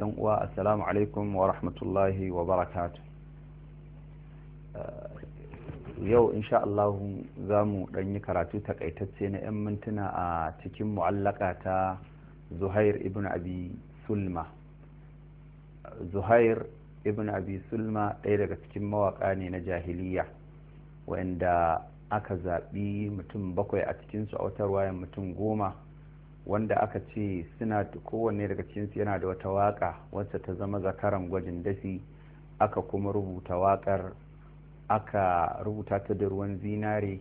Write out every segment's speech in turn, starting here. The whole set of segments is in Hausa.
yan uwa assalamu alaikum wa rahmatullahi wa barakatu eh, yau insha Allah za mu yi karatu takaitacce na 'yan mintuna a cikin mu'allaka ta zuhair ibn abi sulma zuhair ibn abi sulma ɗaya daga cikin mawaƙa ne na jahiliya wanda aka zaɓi mutum bakwai a cikinsu a wata wayan mutum goma wanda aka ce suna kowanne daga cikinsu yana da wata waka wacce ta zama zakaran gwajin dafi aka kuma rubuta wakar aka rubuta ta da ruwan zinare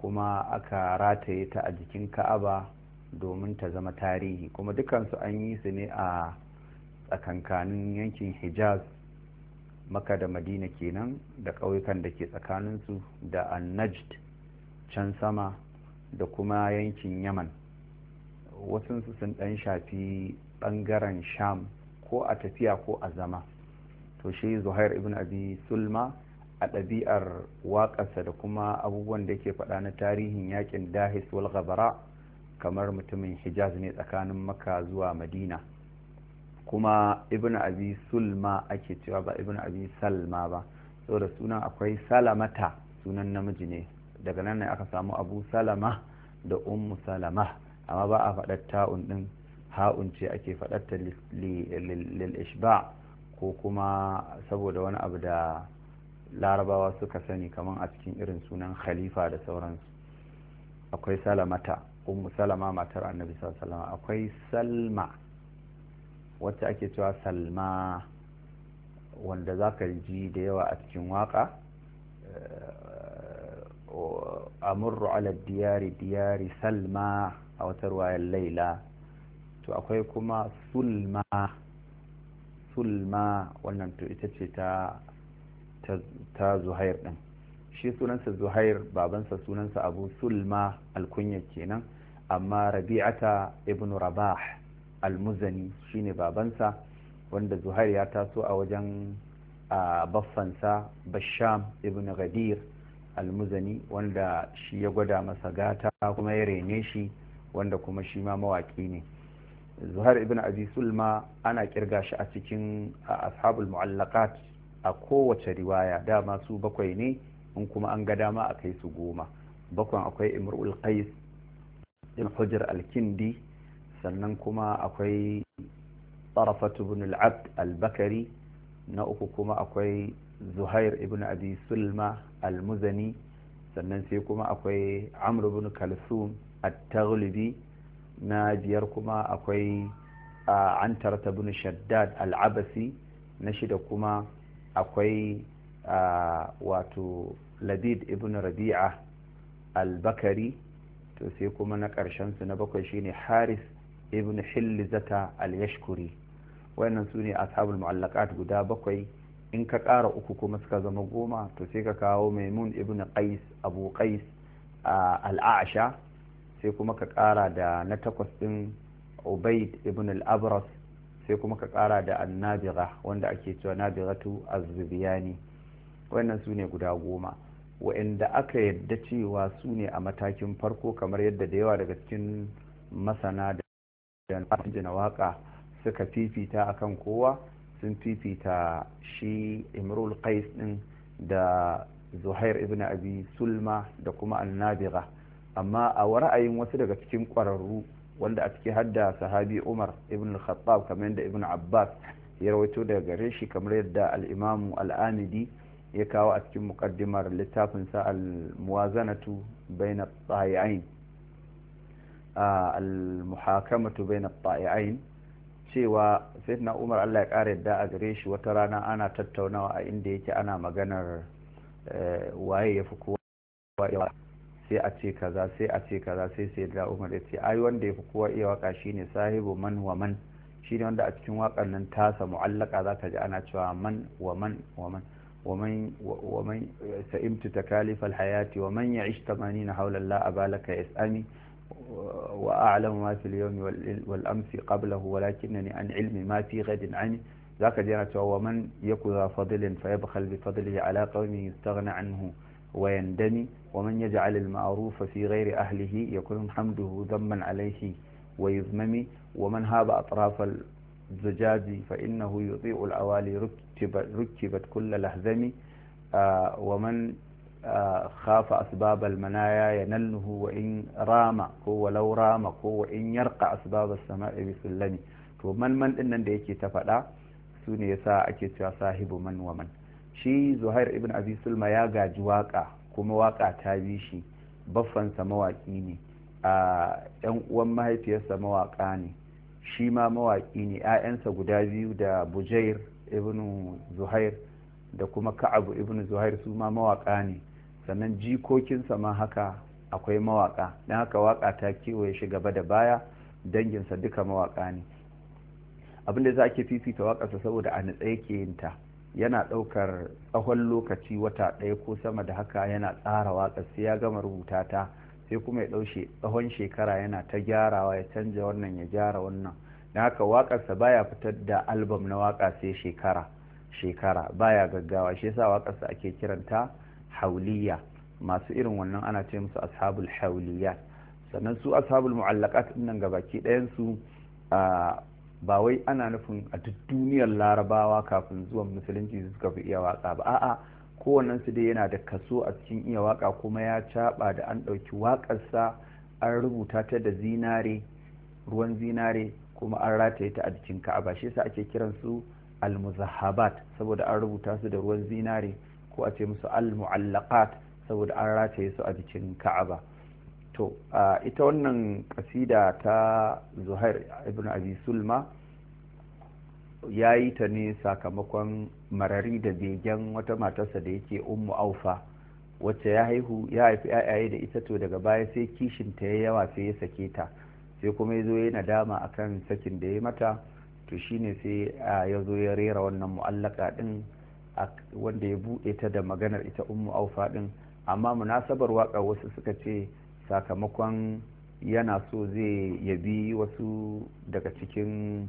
kuma aka rataye ta a jikin ka'aba domin ta zama tarihi kuma dukansu an yi su ne a tsakankanin yankin hijaz maka da madina kenan da ƙauyukan da ke tsakaninsu da annajd can sama da kuma yankin yaman wasunsu sun ɗan shafi bangaren sham ko a tafiya ko a zama to shi zuhair ibn abi sulma a ɗabi'ar waƙarsa da kuma abubuwan da ke faɗa na tarihin yakin dahis wal ghabara kamar mutumin hijaz ne tsakanin maka zuwa madina kuma ibn abi sulma ake cewa ba ibn abi salma ba saboda sunan akwai salamata sunan namiji ne daga nan ne aka samu abu salama da ummu salama amma ba a faɗar ta'un ɗin ha'un ce ake faɗarta ta ba ko kuma saboda wani abu da larabawa suka sani kamar a cikin irin sunan khalifa da sauransu akwai salamata ummu salama matar annabi salama akwai salma wacce ake cewa salma wanda za ka ji da yawa a cikin waka eh, amurru ala diyari diyari salma a wata ruwayar laila to akwai kuma sulma sulma wannan to ita ce ta ta zuhair din shi sunansa zuhair babansa sunansa abu sulma alkunya kenan amma rabi'ata ibn rabah almuzani shine babansa wanda zuhair ya taso a wajen baffansa basham ibn ghadir almuzani wanda shi ya gwada masa gata kuma ya rene shi wanda kuma shi ma mawaƙi ne zuhair ibn abi sulma ana kirga shi a cikin ashabul mu'allaqat a kowace riwaya dama su bakwai ne in kuma an ga dama a kai su goma bakwan akwai imrul qais ibn hujr al-kindi sannan kuma akwai tarafatu ibn al-abd al-bakari na uku kuma akwai zuhair ibn abi sulma al-muzani sannan sai kuma akwai amr ibn kalsum a taghlibi na biyar kuma akwai an tarta bin shaddad al-abasi na shida kuma akwai wato labid ibn rabi'a al-bakari to sai kuma na ƙarshen su na bakwai shine haris ibn hillizata al-yashkuri wayannan su ne ashabul mu'allaqat guda bakwai in ka ƙara uku kuma suka zama goma to sai ka kawo maimun ibn qais abu qais al aasha sai kuma ka kara da na takwas ɗin ubaid ibn al-abras sai kuma ka kara da annabira wanda ake cewa nabiratu az-zubiyani wannan su ne guda goma wa'inda aka yadda cewa su ne a matakin farko kamar yadda da yawa daga cikin masana da na waka suka fifita akan kowa sun fifita shi imrul qais din da zuhair ibn abi sulma da kuma annabira amma a ra'ayin wasu daga cikin ƙwararru wanda a ciki hadda sahabi umar ibn khattab kamar yadda ibn abbas ya rawaito daga gare shi kamar yadda al'imamu al'amidi ya kawo a cikin muƙaddimar littafinsa al-muwazanatu bayna tsayi'ain al-muhakamatu bayna cewa na umar allah ya ƙara yadda a gare shi wata rana ana tattaunawa a inda yake ana maganar eh, waye ya fi kowa sai a ce kaza sai a ce kaza sai sai da umar ya ce ai wanda ya fi kowa iya waka shine sahibu man wa man shine wanda a cikin wakar nan tasa mu'allaka za ka ji ana cewa man wa man wa man ومن ومن سئمت تكاليف الحياة ومن يعيش ثمانين حول الله أبالك يسأمي وأعلم ما في اليوم والأمس قبله ولكنني عن علم ما في غد عني ذاك man ومن يك ذا فضل فيبخل بفضله على قوم يستغنى عنه ويندمي ومن يجعل المعروف في غير أهله يكون حمده ذما عليه ويذمم ومن هاب أطراف الزجاج فإنه يطيع العوالي ركبت, ركبت كل لهذم آه، ومن آه، خاف أسباب المنايا ينله وإن رام ولو رام وإن يرقى أسباب السماء بسلم ومن من إن ديكي تفلا سوني ساعة ta من ومن shi zuhair ibn abi sulma ya gaji waka kuma waka ta bi shi baffansa mawaki ne a yan uwan mahaifiyarsa mawaka ne shi ma mawaki ne 'ya'yansa guda biyu da bujair ibn zuhair da kuma ka'abu ibn zuhair su ma mawaka ne sannan jikokinsa ma haka akwai mawaka don haka waka ta kewaye shi gaba da baya danginsa duka mawaka ne abinda za ke fifita waƙarsa saboda a natsa yake yin ta yana ɗaukar tsawon lokaci wata ɗaya ko sama da haka yana tsara watsa sai ya gama rubuta ta sai kuma ya ɗaushe tsawon shekara yana ta gyarawa ya canja wannan ya gyara wannan don haka waƙarsa baya fitar da albam na waƙa sai shekara shekara baya gaggawa shi yasa waƙarsa ake kiranta hauliya masu irin wannan ana ce musu ashabul hauliyya sannan su ashabul mu'allaqat nan gabaki ɗayan su ah, ba wai ana nufin a duk duniyar larabawa kafin zuwan musulunci suka fi iya waka ba a'a kowannen su dai yana da kaso a cikin iya waka kuma ya caba da an ɗauki waƙarsa an rubuta ta da zinare ruwan zinare kuma an rataye ta a jikin ka'aba shi yasa ake kiran su almuzahabat saboda an rubuta su da ruwan zinare ko a ce musu almu'allaqat saboda an rataye su a jikin ka'aba to ita wannan kasida ta zuhair ibn abi sulma ya yi ta ne sakamakon marari da begen wata matarsa da yake ummu aufa wacce ya haihu ya haifi yayaye da ita to daga baya sai kishin ta ya yawa sai ya sake ta sai kuma ya zo ya nadama akan sakin da ya mata to shine sai ya zo ya rera wannan mu'allaka din wanda ya buɗe ta da maganar ita ummu aufa din amma munasabar waka wasu suka ce sakamakon yana so zai yabi wasu daga cikin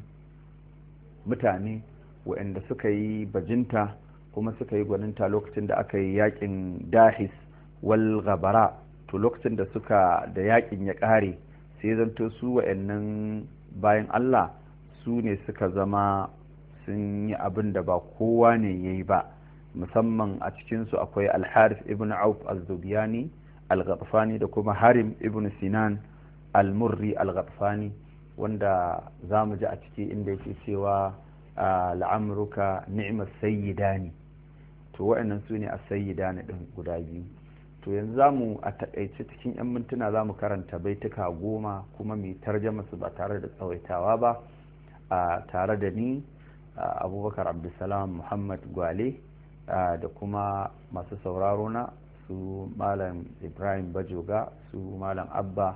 mutane waɗanda suka yi bajinta kuma suka yi gwaninta lokacin da aka yi yaƙin dahis wal gabara to lokacin da suka da yakin ya ƙare sai zanto su waɗannan bayan allah su ne suka zama sun yi abin da ba kowa ne ya yi ba musamman a cikinsu akwai alharif ibn auf al-zubiyani al da kuma harim ibn sinan Almurri murri wanda za mu ji a ciki inda yake cewa ah, la'amruka ni'mat sayyidani to wa'annan su ne a sayyidani din guda biyu to yanzu za mu a takaice cikin 'yan mintuna za mu karanta baituka goma kuma mai tarjama su ba tare da tsawaitawa ba a ah, tare da ni ah, abubakar abdulsalam muhammad gwale da kuma masu sauraro na su malam ibrahim bajoga su malam abba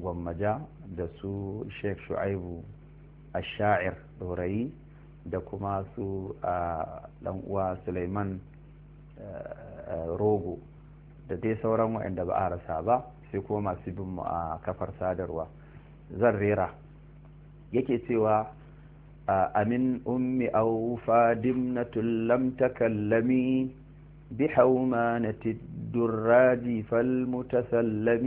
gwammaja da su sheikh shu'aibu sha'ir ɗorayi da kuma su dan uwa suleiman rogo da dai sauran waɗanda ba a rasa ba sai kuma masu bin mu a kafar sadarwa zan rera yake cewa amin ummi au fadimnatul lam takallami بحومانة الدراج فالمتسلم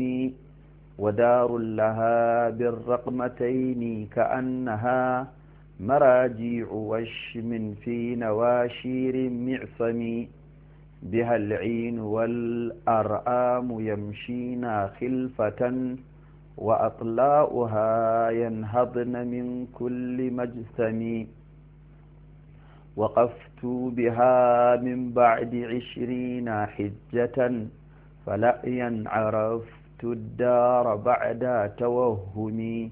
ودار لها بالرقمتين كأنها مراجيع وشم في نواشير معصم بها العين والأرآم يمشينا خلفة وأطلاؤها ينهضن من كل مجسم وقفت بها من بعد عشرين حجة فلأيا عرفت الدار بعد توهمي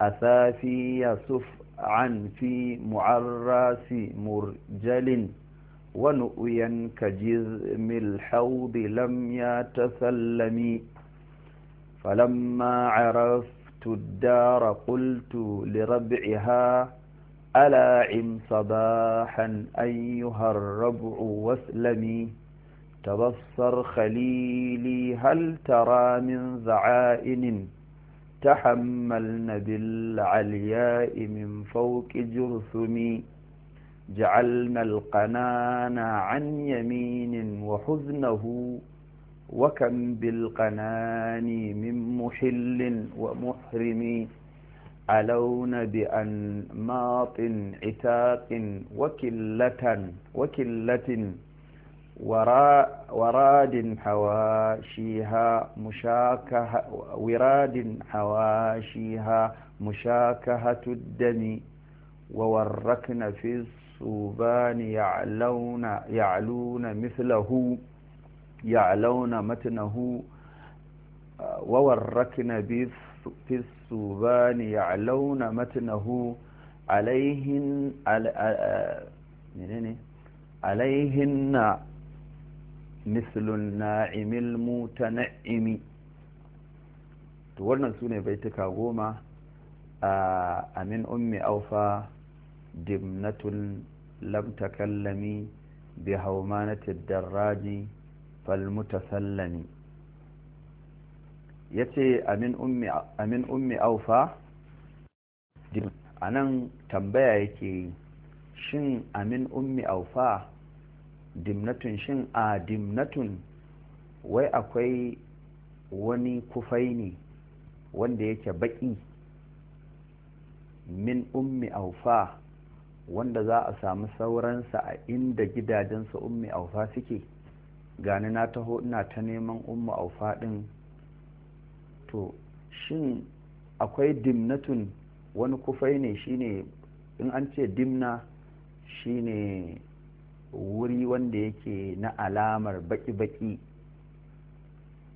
أثافي يصف عن في معراس مرجل ونؤيا كجذم الحوض لم يتسلمي فلما عرفت الدار قلت لربعها ألا عم صباحا أيها الربع واسلمي تبصر خليلي هل ترى من ذعائن تحملن بالعلياء من فوق جرثمي جعلنا القنان عن يمين وحزنه وكم بالقنان من محل ومحرم علون بأنماط عتاق وكلة وكلة وراء وراد حواشيها مشاكهة وراد حواشيها مشاكهة الدم ووركن في الصوبان يعلون يعلون مثله يعلون متنه ووركن بالصوبان في السبان يعلون متنه عليهن عليهن مثل الناعم المتنعم to wannan su ne baituka goma a amin ummi aufa dimnatul lam takallami bi haumanatid darraji fal mutasallami ya ce amin ummi aufa a nan tambaya yake yi shin amin ummi aufa dimnatun shin a dimnatun wai akwai wani kufai ne wanda yake baƙi min ummi aufa wanda za a samu sauransa a inda gidajensa ummi aufa suke gani na taho ina ta neman ummi aufa ɗin to shin akwai dimnatun wani kufai ne shine in an ce dimna shine wuri wanda yake na alamar baki-baki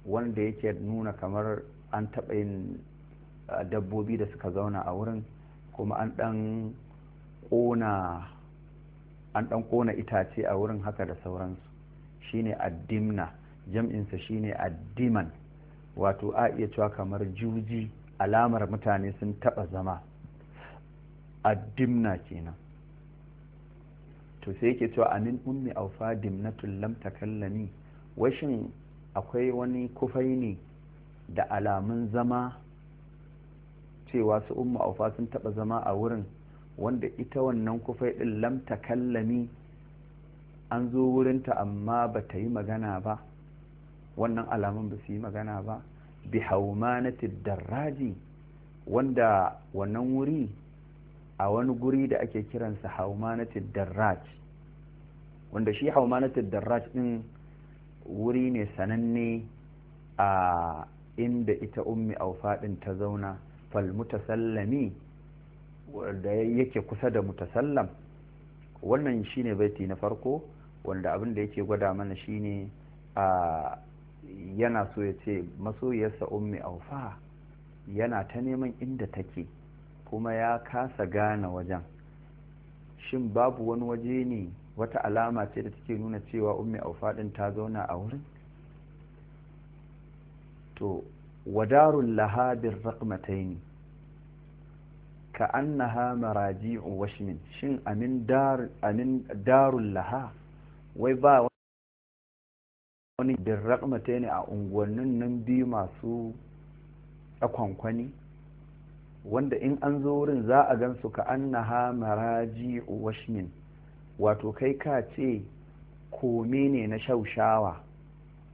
wanda yake nuna kamar an taɓa yin dabbobi da suka zauna a wurin kuma an ɗan ƙona an ɗan ƙona itace a wurin haka da sauransu shine addimna jam'insa shine addiman wato a iya cewa kamar juji alamar mutane sun taɓa zama addimna kenan to sai yake cewa amin ummi aufa dimnatun lam takallani washin akwai wani kufai ne da alamun zama cewa su umma aufa sun taɓa zama a wurin wanda ita wannan kufai ɗin lam takallami an zo wurinta amma ba ta yi magana ba wannan alaman ba su yi magana ba bi haumanatid darraji wanda wannan wuri a wani guri da ake kiransa haumanatid darraj wanda shi haumanatid darraj din wuri ne sananne a inda ita ummi aufaɗin ta zauna fal mutasallami wanda yake kusa da mutasallam wannan shine baiti na farko wanda abin da yake gwada mana shine a yana so ya ce masoyiyarsa ummi aufa yana ta neman inda take kuma ya kasa gane wajen shin babu wani waje ne wata alama ce da take nuna cewa ummi aufa din ta zauna a wurin to wadarun lahabin ne, ka annaha maraji'u washmin shin amin darun laha wai ba wani birrakmata ne a unguwannin nan biyu masu tsakwankwani? wanda in an zo wurin za a gan su ka annaha maraji washmin wato kai ka ce kome ne na shaushawa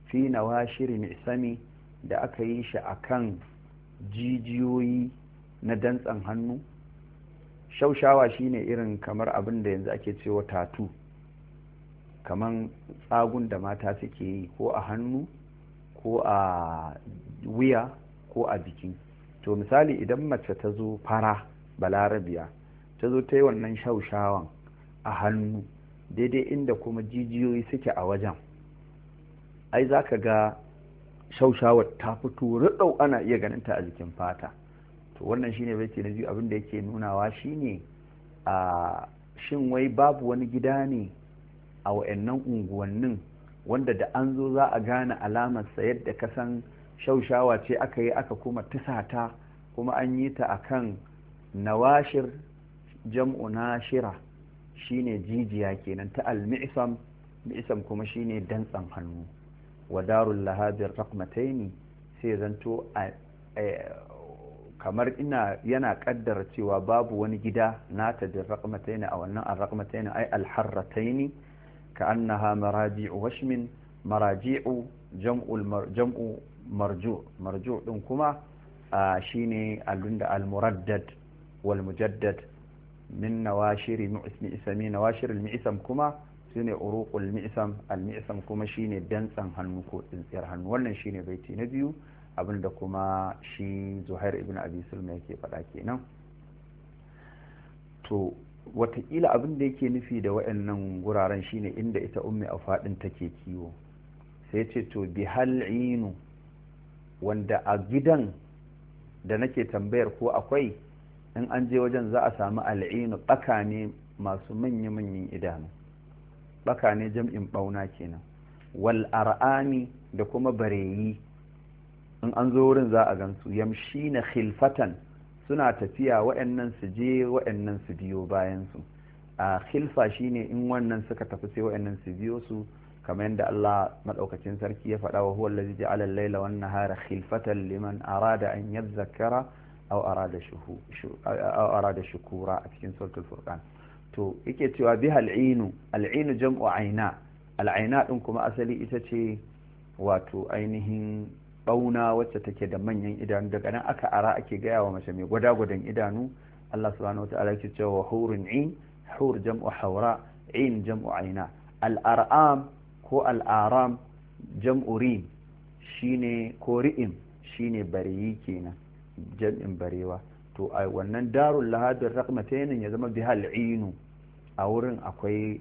fi na shirin isami da aka yi shi a kan jijiyoyi na dantsan hannu shaushawa shine irin kamar abin da yanzu ake cewa tattoo. kaman tsagun da mata suke yi ko a hannu ko a wuya ko a jiki to misali idan mace ta zo fara balarabiya ta zo ta yi wannan shaushawan a hannu daidai inda kuma jijiyoyi suke a wajen ai za ka ga shaushawar ta fito riɗau ana iya ganin ta a jikin fata to wannan shine baiti na biyu abinda yake nunawa shine a shin wai babu wani gida ne a wa'annan unguwannin wanda da an zo za a gane alamar alamarsa yadda ka san shaushawa ce aka yi aka kuma tisata kuma an yi ta a akan nawashir jam'u nashira shine jijiya kenan ta al-mi'sam mi'sam kuma shine dantsan hannu wa darul lahabir raqmataini sai zanto kamar ina yana kaddara cewa babu wani gida nata ta raqmataini a wannan ar-raqmataini ai al-harrataini كأنها مراجع وشم مراجع جمع المر جمع مرجوع مرجوع كما شيني المردد والمجدد من نواشر معسم نواشر المعسم كما shine uruqul mi'sam al mi'sam kuma shine dantsan hannu ko tsintsiyar hannu wannan shine baiti na biyu abinda kuma shi Zuhair ibn Abi Sulma yake faɗa kenan to watakila abin da yake nufi da waɗannan guraren shine inda ita ummi a faɗin take kiwo sai ce to bi hal'inu wanda a gidan da nake tambayar ko akwai in an je wajen za a samu al'inu ɓaka ne masu manya-manyan idanu ɓaka ne jam'in ɓauna kenan wal ar'ani da kuma bareyi in an zo wurin za a gansu yamshi na khilfatan suna tafiya wa'annan su je wa'annan su biyo bayan su a khilfa shine in wannan suka tafi sai wa'annan su biyo su kamar yadda Allah madaukakin sarki ya faɗa wa huwa allazi ja'ala al-laila wan nahara khilfatan liman arada an yadhakkara aw arada shuhu arada shukura a cikin suratul furqan to yake cewa bihal inu al-inu jam'u aina al-aina din kuma asali ita ce wato ainihin bauna wacce take da manyan idanu daga nan aka ara ake gaya wa mace mai gwada idanu Allah subhanahu wa ta'ala yake cewa hurun in hur jam'u haura in jam'u aina al'ar'am ko al'aram jam'u rin shine ko ri'im shine bareyi kenan jam'in barewa to a wannan darul lahadin rakmatainin ya zama bihal inu a wurin akwai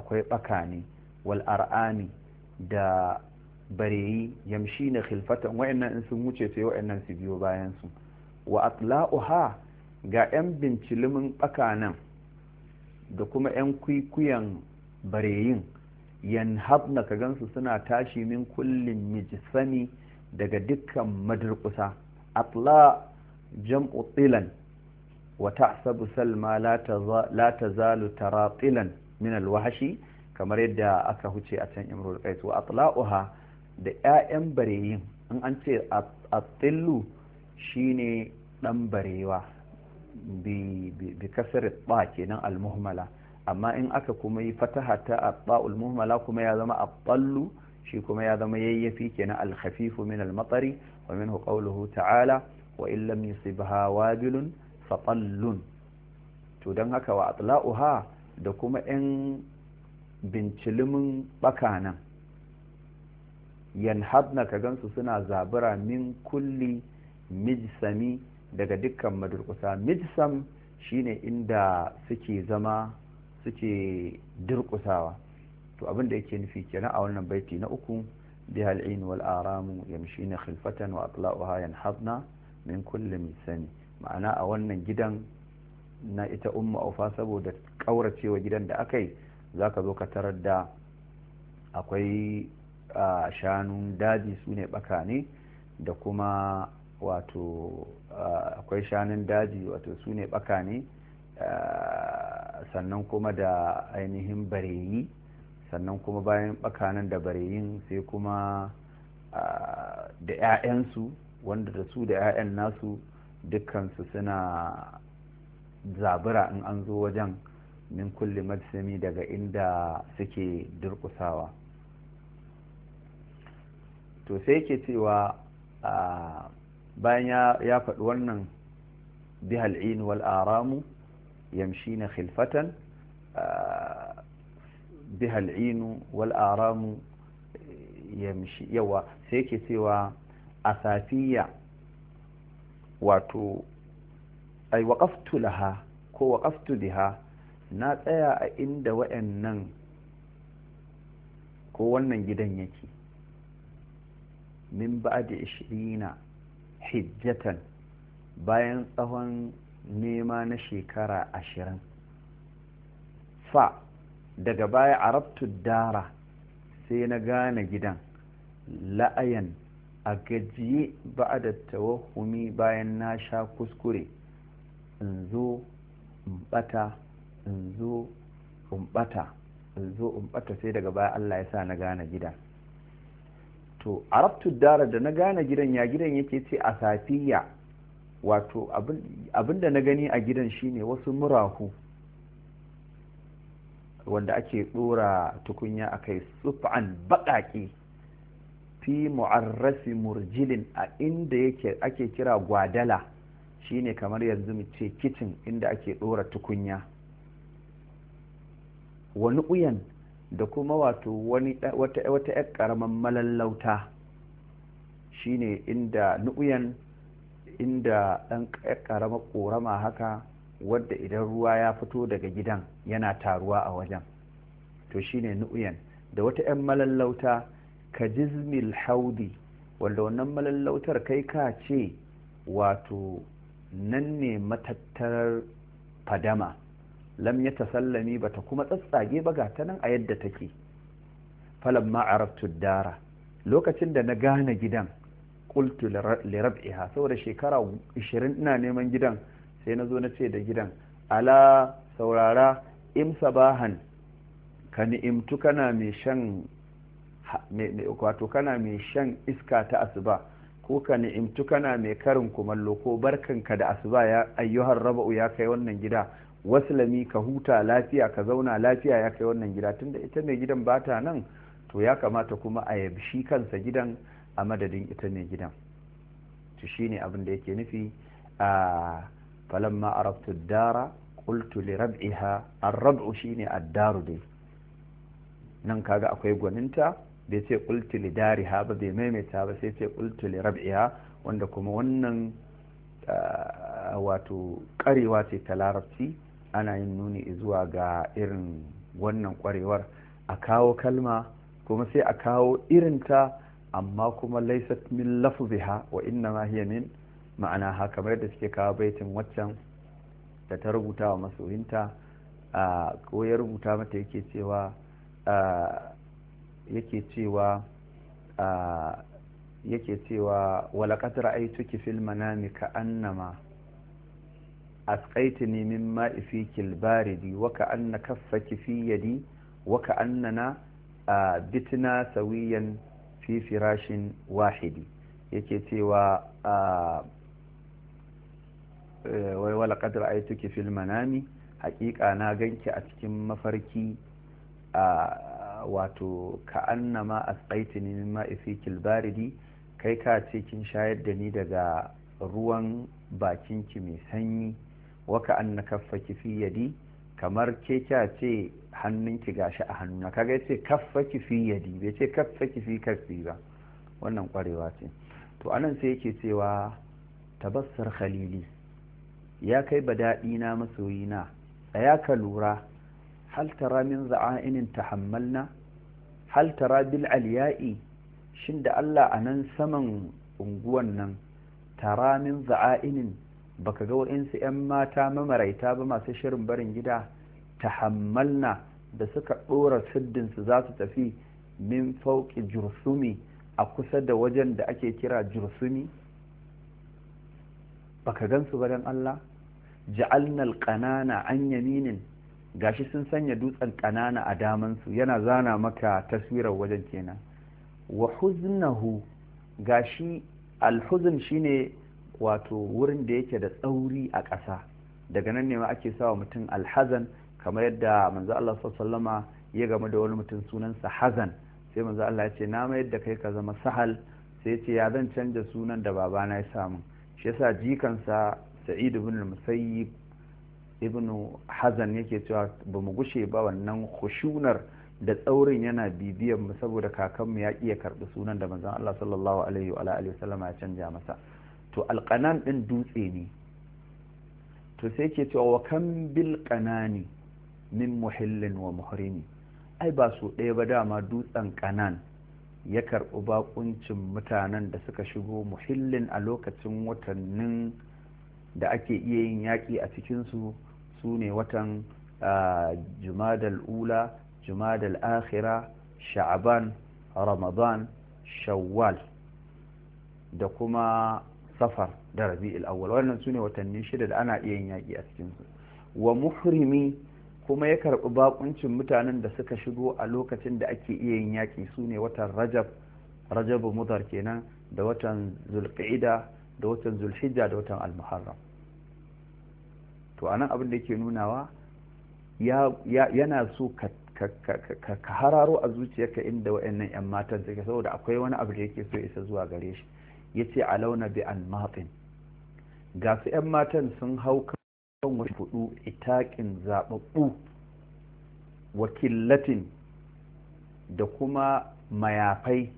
akwai bakani wal ar'ani da bareyi yamshi na khilfatan wa'annan in sun wuce sai wa'annan su biyo bayan su wa atla'uha ga 'yan bincilimin bakanan da kuma 'yan kwikwiyan bareyin yan habna ka gansu suna tashi min kullin mijisani daga dukkan madurkusa atla jam'u tilan, wa tahsabu salma la tazalu tara tilan min alwahshi kamar yadda aka huce a can imrul qais wa atla'uha da 'ya'yan bareyin in an ce shi shine ɗan barewa bi kasar ba kenan almuhmala amma in aka kuma yi fataha ta abba'ul muhmala kuma ya zama abballu shi kuma ya zama yayyafi kenan alhafifu min almatari wa minhu qawluhu ta'ala wa in lam yusibha wabilun fatallun to don haka wa atla'uha da kuma 'yan bincilimin bakanan yanhadna ka gansu suna zabura min kulli mijsami daga dukkan madurkusa mijsam shine inda suke zama suke durkusawa to abin da yake nufi kenan a wannan baiti na uku wal aramu yamshina khilfatan wa atla'uha ينحضن min kulli mijsami ma'ana a wannan gidan na ita umma ufa saboda kauracewa gidan da aka yi za ka zo ka tarar da akwai A shanun daji su ne bakane da kuma wato akwai shanun daji wato su ne bakane sannan kuma da ainihin bareyi sannan kuma bayan bakanan da bareyin sai kuma da 'ya'yansu wanda da su da 'ya'yan nasu dukkansu suna zabura in an zo wajen min kulle daga inda suke durkusawa to sai yake cewa bayan ya faɗi wannan bihal in wal aramu yamshi na khilfatan bihal inu wal aramu yamshi yawa sai ke cewa a safiya wato ai waƙaftu laha ko waƙaftu biha na tsaya a inda wa'annan ko wannan gidan yake min ba'di 20 hijjatan bayan tsawon nema na shekara ashirin fa daga baya arabtu dara sai na gane gidan la'ayan a gajiye ba da tawahumi bayan na sha kuskure in zo in bata in zo in in zo in sai daga baya allah ya sa na gane gidan wato arabtu dara da na gane gidan ya gidan yake ce a safiya wato abin da na gani a gidan shine wasu murahu wanda ake dora tukunya a akai suf'an baƙaƙe fi mu'arrafi murjilin a inda yake ake kira gwadala shine kamar yanzu mu ce kicin inda ake dora tukunya wani uyan da kuma wato wata 'yar ƙaramin malallauta shine inda nu'uyan inda ɗan ƙaramar ƙorama haka wadda idan ruwa ya fito daga gidan yana taruwa a wajen to shine nu'uyan da wata 'yan malallauta ka jizmil haudi wanda wannan malallautar kai ka ce wato nan ne matattarar fadama lam ya tasallami ba ta kuma tsatsage ba ga ta nan a yadda take falamma arabtu dara lokacin da na gane gidan qultu li rab'iha saboda shekara 20 ina neman gidan sai na zo na ce da gidan ala saurara im sabahan ka ni'imtu kana mai shan wato kana mai shan iska ta asuba ko ka ni'imtu kana mai karin kumallo ko barkanka da asuba ya ayyuhar raba'u ya kai wannan gida waslami ka huta lafiya ka zauna lafiya ya kai wannan gida tunda ita mai gidan ba ta nan to ya kamata kuma a yabi shi kansa gidan a madadin ita mai gidan to shine abin da yake nufi a falon dara qultu li rab'iha an rabu shine a daru dai nan kaga akwai gwaninta bai ce qultu li dariha ba bai maimaita ba sai ce qultu li rab'iha wanda kuma wannan wato karewa ce ta larabci ana yin nuni zuwa ga irin wannan kwarewar a kawo kalma kuma sai a kawo irin ta amma kuma laisat min lafziha wa inna ma hiya min ma'ana ha kamar da suke kawo baitin waccan da ta rubuta wa masoyinta a ko ya rubuta mata yake cewa yake cewa yake cewa walaƙad ra'aytuki fil manami ka annama asqaitini min ma'i fikil baridi wa ka'anna kaffaki fi yadi wa ka'annana bitna sawiyan fi firashin wahidi yake cewa eh, wai wala qadra aytuki fil manami haƙiƙa na ganki a cikin mafarki a wato ka'annama asqaitini min ma'i fikil baridi kai ka ce kin shayar da ni daga ruwan bakinki mai sanyi waka anna kaffaki fi yadi kamar ke kya ce hannunki gashi a hannuna kaga yace kaffaki fi yadi bai ce kaffaki fi kaffi ba wannan kwarewa ce to anan sai yake cewa tabassar khalili ya kai badaɗi na masoyina tsaya ka lura hal tara min za'ainin tahammalna hal tara bil aliya'i shin da Allah anan saman unguwan nan tara min za'ainin baka ga wa'insu 'yan mata mamaraita ba masu shirin barin gida ta hammalna da suka ɗora siddinsu za su tafi min fauki jursumi a kusa da wajen da ake kira jursumi baka gansu ba don Allah ja'alnal ƙanana an yaminin gashi sun sanya dutsen ƙanana a damansu yana zana maka taswirar wajen kenan wa huznahu gashi alhuzun shine wato wurin da yake da tsauri a ƙasa daga nan ne ma ake sawa mutum alhazan kamar yadda manzo Allah sallama ya gama da wani mutum sunansa hazan sai manzo Allah ya ce na mayar da kai ka zama sahal sai ya ce ya zan canja sunan da babana ya samu shi yasa jikansa sa'id ibn musayyib ibn hazan yake cewa ba mu gushe ba wannan khushunar da tsaurin yana bibiyan mu saboda kakanmu ya iya karɓi sunan da manzon Allah sallallahu alaihi wa alihi ya canja masa to alƙanan ɗin dutse ne to sai ke cewa wa kan bil ƙanani min muhillin wa muhrimi ai ba su ɗaya ba dama dutsen ƙanan ya karɓi baƙuncin mutanen da suka shigo muhillin a lokacin watannin da ake iya yin yaƙi a cikinsu su ne watan jumadal ula jumadal akhira sha'aban ramadan shawwal da kuma safar da rabi'ul awwal wannan sune watanni shida da ana iya yin yaƙi a cikin su wa muhrimi kuma ya karɓi bakuncin mutanen da suka shigo a lokacin da ake iya yin yaƙi sune watan rajab rajab mudar kenan da watan zulqa'ida da watan zulhijja da watan almuharram to anan abin da yake nunawa yana so ka hararo a zuciyarka inda wa'annan 'yan matan suke saboda akwai wani abu da yake so isa zuwa gare shi ya ce launa bi an matsin ga su 'yan matan sun hau kan wani fudu itaƙin zaɓaɓɓu wakillatin da kuma mayafai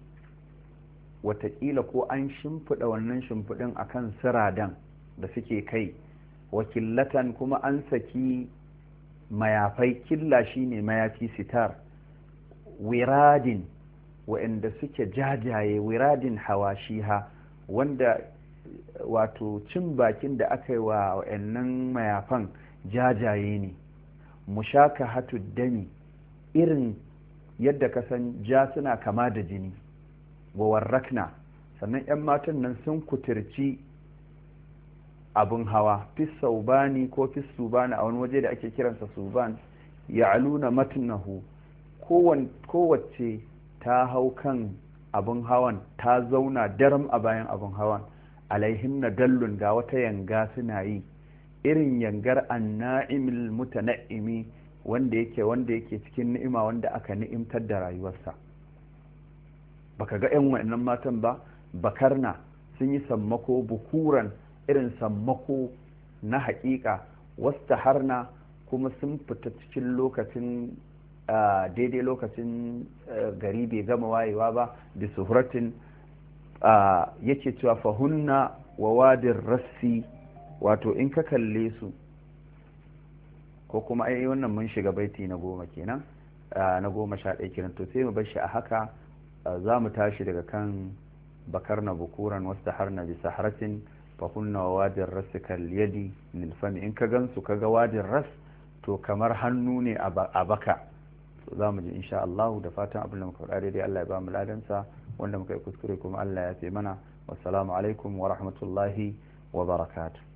watakila ko an shimfiɗa wannan shimfiɗin akan kan siradan da suke kai wakillatan kuma an saki mayafai killa shine mayafi sitar wiradin waɗanda suke jajaye wiradin hawashiha wanda wato cin bakin da aka yi wa wa'annan mayafan jajaye ne mushaka hatu dami irin yadda ka san ja suna kama da jini wa warrakna sannan 'yan matan nan sun kuturci abin hawa fisaubani ko fisubani a wani waje da ake kiransa suban ya aluna matnahu kowace ta hau kan abin hawan ta zauna daram a bayan abin hawan alaihim na dallun ga wata yanga suna yi irin yangar anna'imil mutana'imi wanda yake wanda yake cikin ni'ima wanda aka ni'imtar da rayuwarsa baka ga 'yan wannan matan ba bakarna sun yi sammako bukuran irin sammako na haƙiƙa wasta harna kuma sun fita cikin lokacin daidai lokacin gari bai gama wayewa ba da suhuratin yake cewa fahunna wa wadin rassi wato in ka kalle su ko kuma ai wannan mun shiga baiti na goma kenan na goma sha ɗaya kenan to sai mu bar shi a haka za mu tashi daga kan bakar na bukuran wasu har na bisa haratin fahunna wa wadin rassi kalliyadi nilfami in ka gansu ka ga wadin ras to kamar hannu ne a baka za mu ji insha Allah da fatan abin da muka faɗa daidai Allah ya ba mu ladansa wanda muka yi kuskure kuma Allah ya fi mana wassalamu alaikum wa rahmatullahi wa barakatuh